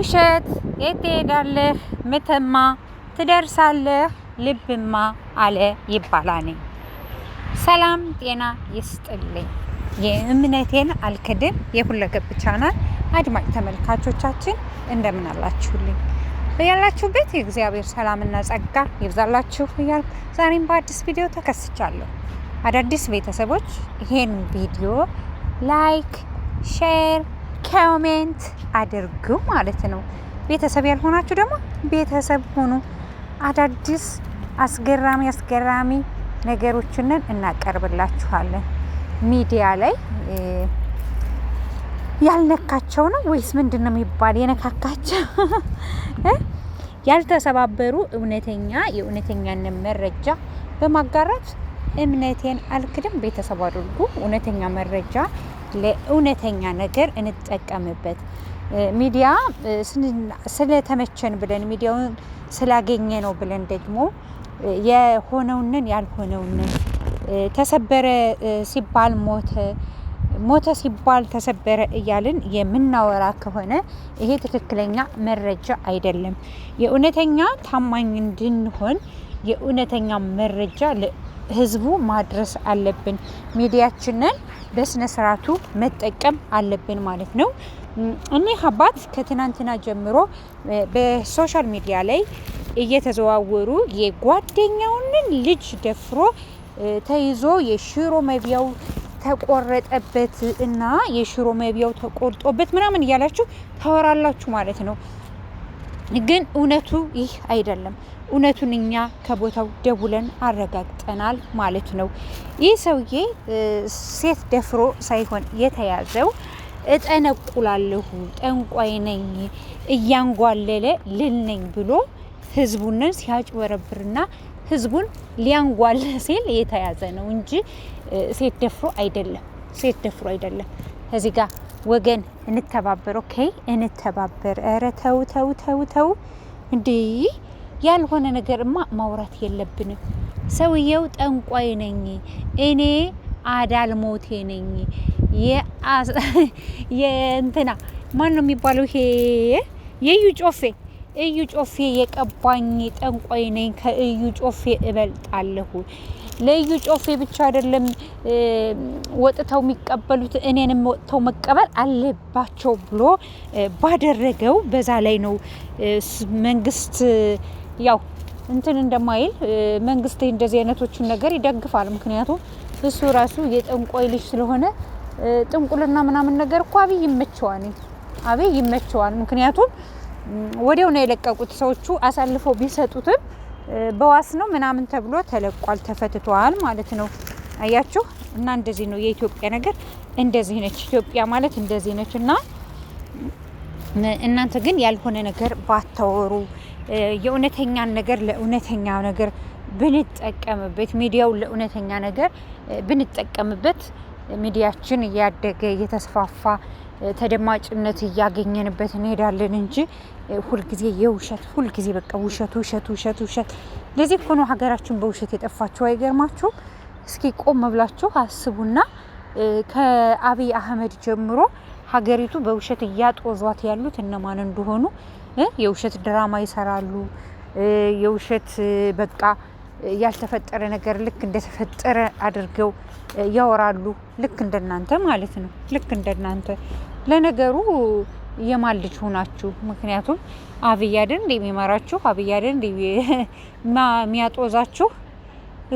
ውሸት የት ትሄዳለህ? ምትማ ትደርሳለህ ልብማ አለ ይባላል። ሰላም ጤና ይስጥልኝ። የእምነቴን አልክድም የሁለገብ ቻናል አድማጭ ተመልካቾቻችን እንደምን አላችሁልኝ? በያላችሁበት የእግዚአብሔር ሰላምና ጸጋ ይብዛላችሁ እያልኩ ዛሬም በአዲስ ቪዲዮ ተከስቻለሁ። አዳዲስ ቤተሰቦች ይሄን ቪዲዮ ላይክ፣ ሼር ኮሜንት አድርጉ ማለት ነው። ቤተሰብ ያልሆናችሁ ደግሞ ቤተሰብ ሆኑ። አዳዲስ አስገራሚ አስገራሚ ነገሮችን እናቀርብላችኋለን። ሚዲያ ላይ ያልነካቸው ነው ወይስ ምንድን ነው የሚባል የነካካቸው ያልተሰባበሩ እውነተኛ የእውነተኛን መረጃ በማጋራት እምነቴን አልክድም። ቤተሰብ አድርጉ እውነተኛ መረጃ ለእውነተኛ ነገር እንጠቀምበት። ሚዲያ ስለተመቸን ብለን ሚዲያውን ስላገኘ ነው ብለን ደግሞ የሆነውንን ያልሆነውንን ተሰበረ ሲባል ሞተ፣ ሞተ ሲባል ተሰበረ እያልን የምናወራ ከሆነ ይሄ ትክክለኛ መረጃ አይደለም። የእውነተኛ ታማኝ እንድንሆን የእውነተኛ መረጃ ህዝቡ ማድረስ አለብን። ሚዲያችንን በስነ ስርዓቱ መጠቀም አለብን ማለት ነው። እኒህ አባት ከትናንትና ጀምሮ በሶሻል ሚዲያ ላይ እየተዘዋወሩ የጓደኛውንን ልጅ ደፍሮ ተይዞ የሽሮ መቢያው ተቆረጠበት እና የሽሮ መቢያው ተቆርጦበት ምናምን እያላችሁ ታወራላችሁ ማለት ነው። ግን እውነቱ ይህ አይደለም። እውነቱን እኛ ከቦታው ደውለን አረጋግጠናል ማለት ነው። ይህ ሰውዬ ሴት ደፍሮ ሳይሆን የተያዘው እጠነቁላለሁ፣ ጠንቋይ ነኝ፣ እያንጓለለ ልል ነኝ ብሎ ህዝቡንን ሲያጭበረብርና ህዝቡን ሊያንጓለ ሲል የተያዘ ነው እንጂ ሴት ደፍሮ አይደለም። ሴት ደፍሮ አይደለም እዚህ ጋር ወገን እንተባበር፣ ኦኬ እንተባበር። ኧረ ተው ተው ተው ተው እንዴ! ያልሆነ ነገርማ ማውራት የለብንም። ሰውየው ጠንቋይ ነኝ እኔ አዳል ሞቴ ነኝ የእንትና ማን ነው የሚባለው ይሄ የዩ ጮፌ እዩ ጮፌ የቀባኝ ጠንቋይ ነኝ፣ ከእዩ ጮፌ እበልጣለሁ። ለእዩ ጮፌ ብቻ አይደለም ወጥተው የሚቀበሉት እኔንም ወጥተው መቀበል አለባቸው ብሎ ባደረገው በዛ ላይ ነው መንግስት ያው እንትን እንደማይል መንግስት እንደዚህ አይነቶችን ነገር ይደግፋል። ምክንያቱም እሱ ራሱ የጠንቋይ ልጅ ስለሆነ ጥንቁልና ምናምን ነገር እኮ አብይ ይመቸዋል፣ አብይ ይመቸዋል። ምክንያቱም ወዲያው ነው የለቀቁት። ሰዎቹ አሳልፈው ቢሰጡትም በዋስ ነው ምናምን ተብሎ ተለቋል፣ ተፈትቷል ማለት ነው። አያችሁ እና እንደዚህ ነው የኢትዮጵያ ነገር፣ እንደዚህ ነች ኢትዮጵያ ማለት እንደዚህ ነች። እና እናንተ ግን ያልሆነ ነገር ባታወሩ የእውነተኛን ነገር ለእውነተኛ ነገር ብንጠቀምበት ሚዲያው ለእውነተኛ ነገር ብንጠቀምበት ሚዲያችን እያደገ እየተስፋፋ ተደማጭነት እያገኘንበት እንሄዳለን እንጂ ሁልጊዜ የውሸት ሁልጊዜ በቃ ውሸት ውሸት ውሸት ውሸት። እንደዚህ ሆኖ ሀገራችን በውሸት የጠፋችሁ አይገርማችሁ? እስኪ ቆም ብላችሁ አስቡና ከአብይ አህመድ ጀምሮ ሀገሪቱ በውሸት እያጦዟት ያሉት እነማን እንደሆኑ። የውሸት ድራማ ይሰራሉ። የውሸት በቃ ያልተፈጠረ ነገር ልክ እንደተፈጠረ አድርገው ያወራሉ። ልክ እንደናንተ ማለት ነው። ልክ እንደናንተ ለነገሩ የማን ልጅ ሆናችሁ? ምክንያቱም አብይ አይደል እንደ የሚመራችሁ አብይ አይደል የሚያጦዛችሁ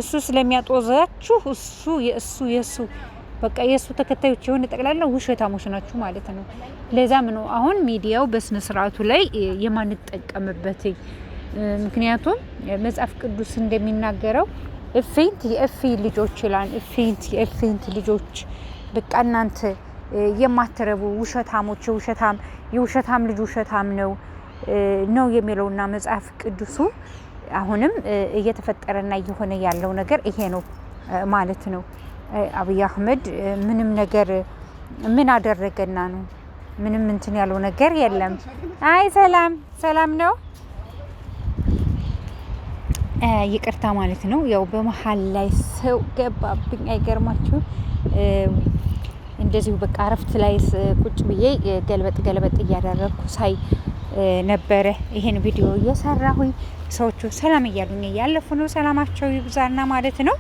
እሱ ስለሚያጦዛችሁ እሱ የእሱ የእሱ በቃ የእሱ ተከታዮች የሆነ ጠቅላላ ውሸታሞች ናችሁ ማለት ነው። ለዛም ነው አሁን ሚዲያው በስነ ስርዓቱ ላይ የማንጠቀምበት። ምክንያቱም መጽሐፍ ቅዱስ እንደሚናገረው እፌንት የእፌ ልጆች ይላል። እፌንት የእፌንት ልጆች በቃ እናንተ የማትረቡ ውሸታሞች፣ የውሸታም የውሸታም ልጅ ውሸታም ነው ነው የሚለውና መጽሐፍ ቅዱሱ አሁንም እየተፈጠረና እየሆነ ያለው ነገር ይሄ ነው ማለት ነው። አብይ አህመድ ምንም ነገር ምን አደረገና ነው? ምንም እንትን ያለው ነገር የለም። አይ ሰላም ሰላም ነው፣ ይቅርታ ማለት ነው። ያው በመሀል ላይ ሰው ገባብኝ። አይገርማችሁ እንደዚሁ በቃ እረፍት ላይ ቁጭ ብዬ ገልበጥ ገልበጥ እያደረግኩ ሳይ ነበረ ይህን ቪዲዮ እየሰራሁኝ። ሰዎቹ ሰላም እያሉኝ እያለፉ ነው። ሰላማቸው ይብዛና ማለት ነው።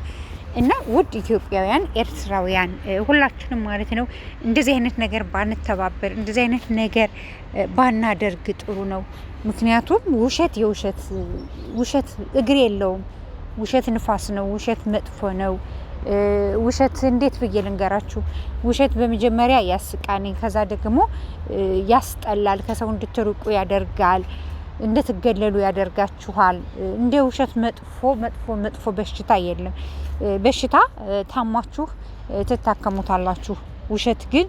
እና ውድ ኢትዮጵያውያን፣ ኤርትራውያን ሁላችንም ማለት ነው እንደዚህ አይነት ነገር ባንተባበር፣ እንደዚህ አይነት ነገር ባናደርግ ጥሩ ነው። ምክንያቱም ውሸት የውሸት ውሸት እግር የለውም። ውሸት ንፋስ ነው። ውሸት መጥፎ ነው። ውሸት እንዴት ብዬ ልንገራችሁ? ውሸት በመጀመሪያ ያስቃኒ፣ ከዛ ደግሞ ያስጠላል፣ ከሰው እንድትርቁ ያደርጋል፣ እንድትገለሉ ያደርጋችኋል። እንደ ውሸት መጥፎ መጥፎ መጥፎ በሽታ የለም። በሽታ ታማችሁ ትታከሙታላችሁ። ውሸት ግን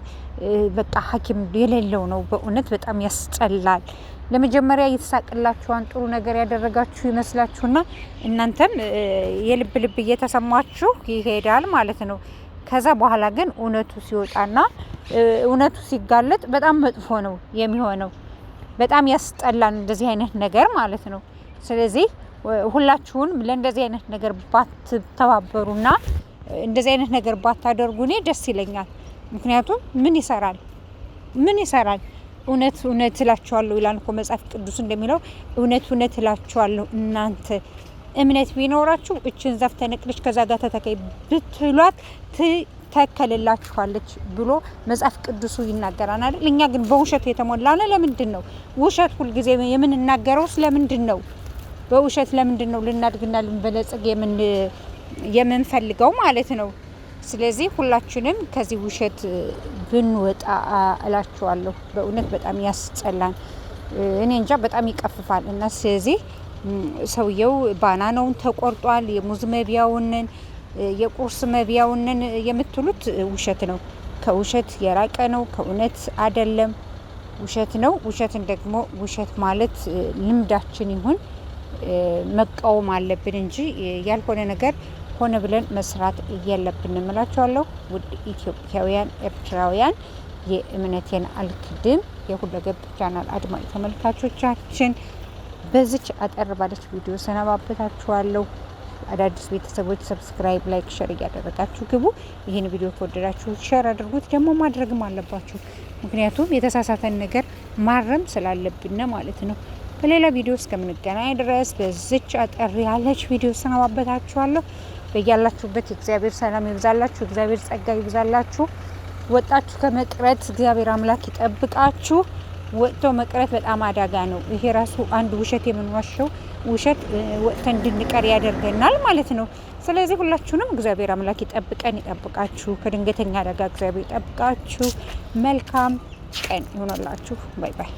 በቃ ሐኪም የሌለው ነው። በእውነት በጣም ያስጠላል። ለመጀመሪያ እየተሳቅላችኋን ጥሩ ነገር ያደረጋችሁ ይመስላችሁና እናንተም የልብ ልብ እየተሰማችሁ ይሄዳል ማለት ነው። ከዛ በኋላ ግን እውነቱ ሲወጣና እውነቱ ሲጋለጥ በጣም መጥፎ ነው የሚሆነው። በጣም ያስጠላል እንደዚህ አይነት ነገር ማለት ነው። ስለዚህ ሁላችሁን ለእንደዚህ አይነት ነገር ባትተባበሩና እንደዚህ አይነት ነገር ባታደርጉ እኔ ደስ ይለኛል። ምክንያቱም ምን ይሰራል? ምን ይሰራል? እውነት እውነት እላችኋለሁ ይላል እኮ መጽሐፍ ቅዱስ እንደሚለው እውነት እውነት እላችኋለሁ እናንተ እምነት ቢኖራችሁ እችን ዛፍ ተነቅለች ከዛ ጋር ተተካይ ብትሏት ትተከልላችኋለች ብሎ መጽሐፍ ቅዱሱ ይናገራናል። እኛ ግን በውሸት የተሞላ ነው። ለምንድን ነው ውሸት ሁልጊዜ የምንናገረው? ስለምንድን ነው በውሸት ለምንድን ነው ልናድግና ልንበለጸግ የምንፈልገው ማለት ነው? ስለዚህ ሁላችንም ከዚህ ውሸት ብንወጣ እላችኋለሁ። በእውነት በጣም ያስጸላን፣ እኔ እንጃ በጣም ይቀፍፋል። እና ስለዚህ ሰውየው ባናናውን ተቆርጧል፣ የሙዝ መቢያውንን፣ የቁርስ መቢያውንን የምትሉት ውሸት ነው። ከውሸት የራቀ ነው። ከእውነት አይደለም፣ ውሸት ነው። ውሸትን ደግሞ ውሸት ማለት ልምዳችን ይሁን መቃወም አለብን እንጂ ያልሆነ ነገር ሆነ ብለን መስራት እየለብንም እላችኋለሁ። ውድ ኢትዮጵያውያን፣ ኤርትራውያን የእምነቴን አልክድም የሁለገብ ቻናል አድማጭ ተመልካቾቻችን በዚች አጠር ባለች ቪዲዮ ሰነባበታችኋለሁ። አዳዲስ ቤተሰቦች ሰብስክራይብ፣ ላይክ፣ ሸር እያደረጋችሁ ግቡ። ይህን ቪዲዮ ከወደዳችሁ ሸር አድርጉት። ደግሞ ማድረግም አለባችሁ፣ ምክንያቱም የተሳሳተን ነገር ማረም ስላለብን ማለት ነው። በሌላ ቪዲዮ እስከምንገናኝ ድረስ በዚች አጠር ያለች ቪዲዮ ሰነባበታችኋለሁ። በያላችሁበት እግዚአብሔር ሰላም ይብዛላችሁ፣ እግዚአብሔር ጸጋ ይብዛላችሁ። ወጣችሁ ከመቅረት እግዚአብሔር አምላክ ይጠብቃችሁ። ወጥቶ መቅረት በጣም አደጋ ነው። ይሄ ራሱ አንድ ውሸት የምንዋሸው ውሸት ወጥተን እንድንቀር ያደርገናል ማለት ነው። ስለዚህ ሁላችሁንም እግዚአብሔር አምላክ ይጠብቀን፣ ይጠብቃችሁ። ከድንገተኛ አደጋ እግዚአብሔር ይጠብቃችሁ። መልካም ቀን ይሆነላችሁ። ባይ ባይ